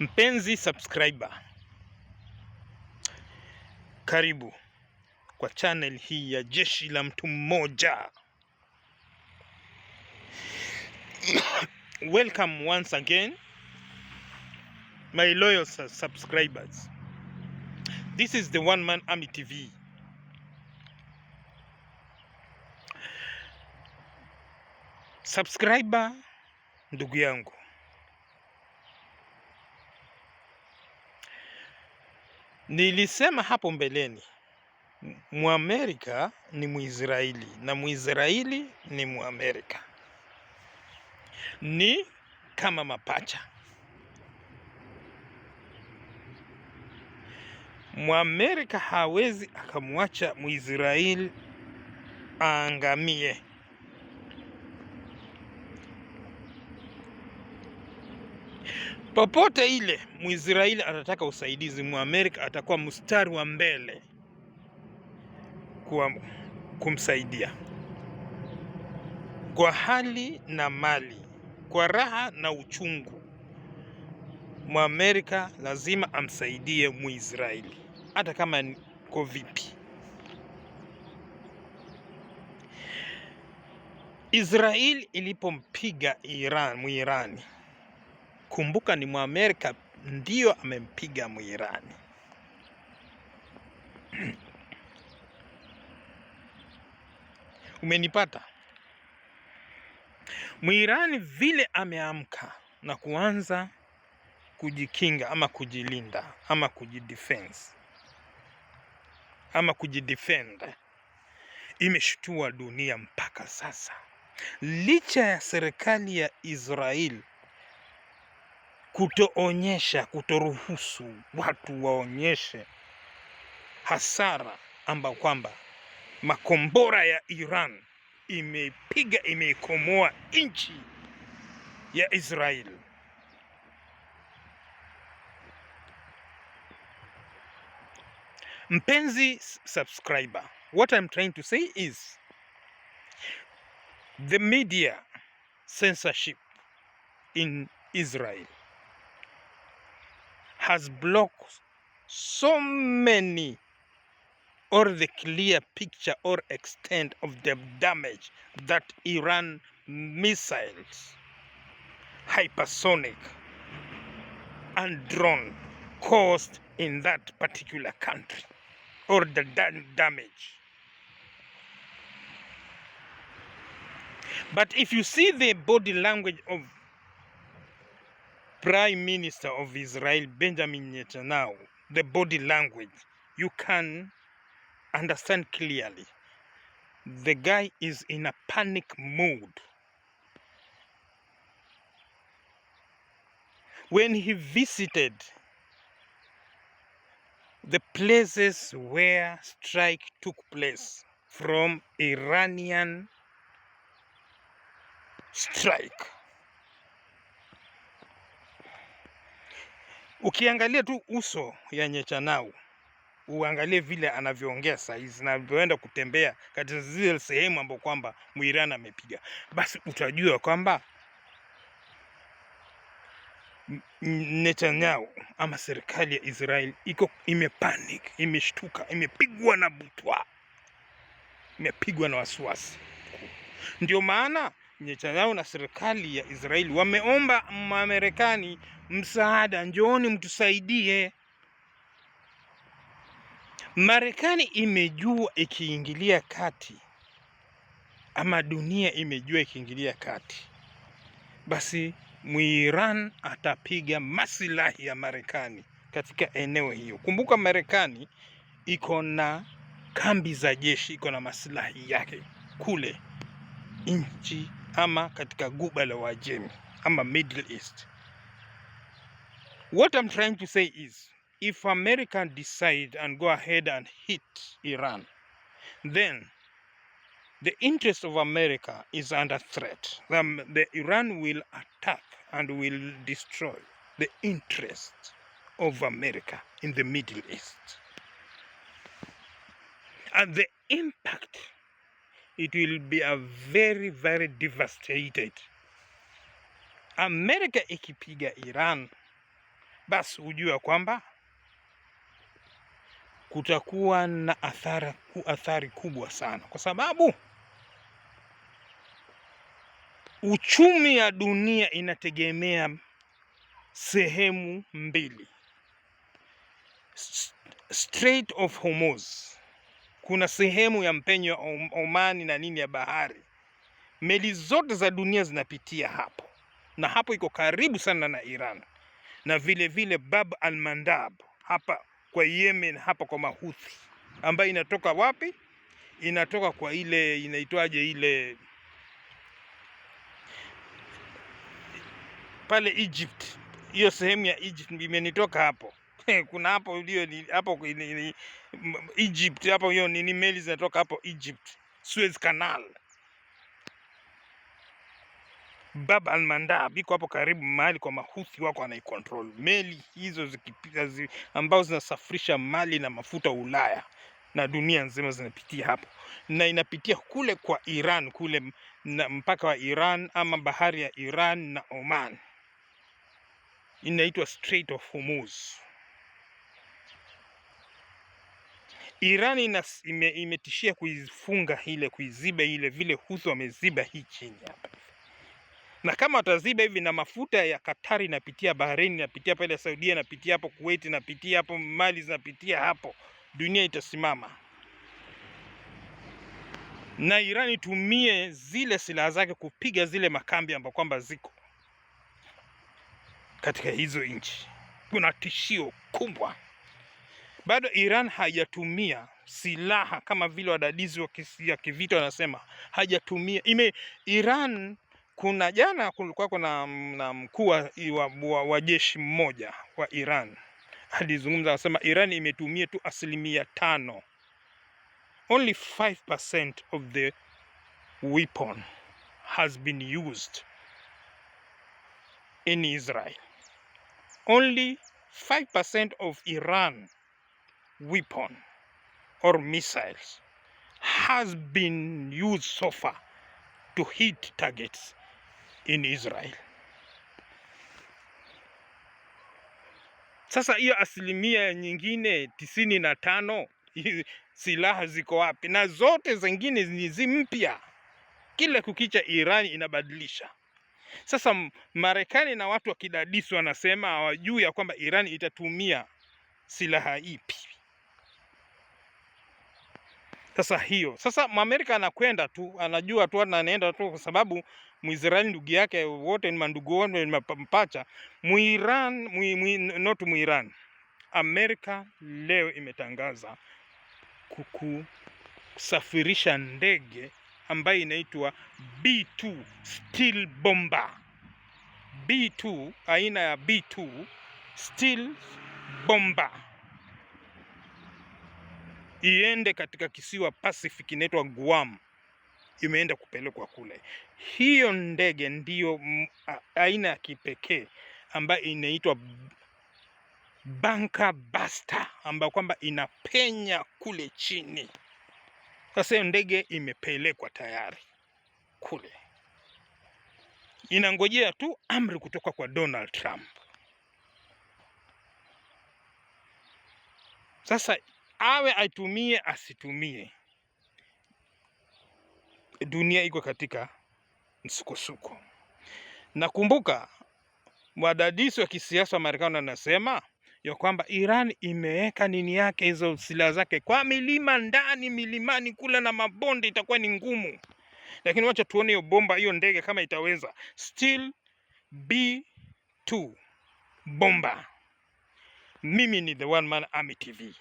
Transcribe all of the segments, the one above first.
Mpenzi subscriber, karibu kwa channel hii ya Jeshi la Mtu Mmoja. Welcome once again my loyal subscribers. This is the One Man Army TV. Subscriber ndugu yangu Nilisema hapo mbeleni, Mwamerika ni Mwisraeli na Mwisraeli ni Mwamerika, ni kama mapacha. Mwamerika hawezi akamwacha Mwisraeli aangamie. Popote ile Mwisraeli atataka usaidizi, Amerika, atakuwa mstari wa mbele kwa kumsaidia kwa hali na mali, kwa raha na uchungu. Mwamerika lazima amsaidie Mwisraeli hata kama niko vipi. Israeli ilipompiga Iran Mwirani kumbuka ni Mwamerika ndio amempiga Mwirani. Umenipata? Mwirani vile ameamka na kuanza kujikinga ama kujilinda ama kujidefense ama kujidefend, imeshtua dunia mpaka sasa, licha ya serikali ya Israeli kutoonyesha, kutoruhusu watu waonyeshe hasara ambao kwamba makombora ya Iran imeipiga imeikomoa nchi ya israel Mpenzi subscriber, what I'm trying to say is the media censorship in Israel has blocked so many or the clear picture or extent of the damage that Iran missiles, hypersonic, and drone caused in that particular country or the damage. But if you see the body language of Prime Minister of Israel Benjamin Netanyahu, the body language, you can understand clearly. The guy is in a panic mood. When he visited the places where strike took place from Iranian strike Ukiangalia tu uso ya Nyetanyahu, uangalie vile anavyoongea sahizi, zinavyoenda kutembea katika zile sehemu ambapo kwamba Mwirani amepiga, basi utajua kwamba Netanyahu ama serikali ya Israel iko imepanic, imeshtuka, imepigwa na butwa, imepigwa na wasiwasi. Ndio maana Netanyahu na serikali ya Israeli wameomba Marekani msaada, njooni mtusaidie. Marekani imejua ikiingilia kati, ama dunia imejua ikiingilia kati, basi muiran atapiga masilahi ya Marekani katika eneo hiyo. Kumbuka Marekani iko na kambi za jeshi, iko na masilahi yake kule nchi ama katika guba la Uajemi ama Middle East. What I'm trying to say is if America decide and go ahead and hit Iran, then the interest of America is under threat. Um, the Iran will attack and will destroy the interest of America in the Middle East. And the impact, it will be a very, very devastated. America ikipiga Iran basi hujua kwamba kutakuwa na athari, athari kubwa sana, kwa sababu uchumi ya dunia inategemea sehemu mbili. Strait of Hormuz, kuna sehemu ya mpenyo wa Omani na nini ya bahari, meli zote za dunia zinapitia hapo, na hapo iko karibu sana na Iran na vile vile Bab al-Mandab hapa kwa Yemen, hapa kwa Mahuthi, ambayo inatoka wapi? Inatoka kwa ile inaitwaje, ile pale Egypt, hiyo sehemu ya Egypt imenitoka hapo. Kuna hapo ndio hapo Egypt hapo, hiyo ni meli zinatoka hapo Egypt, Suez Canal. Baba Almanda Mandab iko hapo karibu mahali kwa mahuthi wako anaikontrol meli hizo zikipita zi, ambazo zinasafirisha mali na mafuta Ulaya na dunia nzima zinapitia hapo na inapitia kule kwa Iran kule na mpaka wa Iran ama bahari ya Iran na Oman inaitwa Strait of Hormuz. Iran ina, ime, imetishia kuifunga ile kuiziba ile vile huthi wameziba hii chini hapa na kama wataziba hivi na mafuta ya Katari inapitia Bahrain, inapitia pale Saudia, inapitia hapo Kuwait, inapitia hapo Mali, zinapitia hapo, dunia itasimama. Na Iran itumie zile silaha zake kupiga zile makambi ambapo kwamba ziko katika hizo nchi. Kuna tishio kubwa, bado Iran haijatumia silaha kama vile wadadizi wa kivita wanasema, hajatumia ime Iran kuna jana kulikuwa kuna na mkuu wa, wa jeshi mmoja wa Iran alizungumza akasema, Iran imetumia tu asilimia tano, only 5% of the weapon has been used in Israel, only 5% of Iran weapon or missiles has been used so far to hit targets in Israel. Sasa hiyo asilimia nyingine tisini na tano silaha ziko wapi? Na zote zingine ni zimpya kila kukicha iran inabadilisha. Sasa Marekani na watu wakidadisi wanasema hawajui ya kwamba iran itatumia silaha ipi. Sasa hiyo sasa, Mwamerika anakwenda tu, anajua tu, anaenda tu, kwa sababu Mwisraeli ndugu yake wote ni mandugu wote ni mapacha Muiran, mui, mui, not Muiran. Amerika leo imetangaza kusafirisha ndege ambayo inaitwa B2 steel bomber, B2 aina ya B2 steel bomber iende katika kisiwa Pacific inaitwa Guam, imeenda kupelekwa kule. Hiyo ndege ndiyo aina ya kipekee ambayo inaitwa Bunker Buster, ambayo kwamba inapenya kule chini. Sasa hiyo ndege imepelekwa tayari kule, inangojea tu amri kutoka kwa Donald Trump. Sasa awe aitumie asitumie, dunia iko katika msukosuko. Nakumbuka mwadadisi wa kisiasa wa Marekani anasema ya kwamba Iran imeweka nini yake hizo silaha zake kwa milima ndani milimani kula na mabonde, itakuwa ni ngumu, lakini wacha tuone hiyo bomba, hiyo ndege kama itaweza still B2 bomba. Mimi ni the one man army TV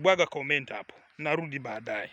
bwaga comment hapo, narudi baadaye.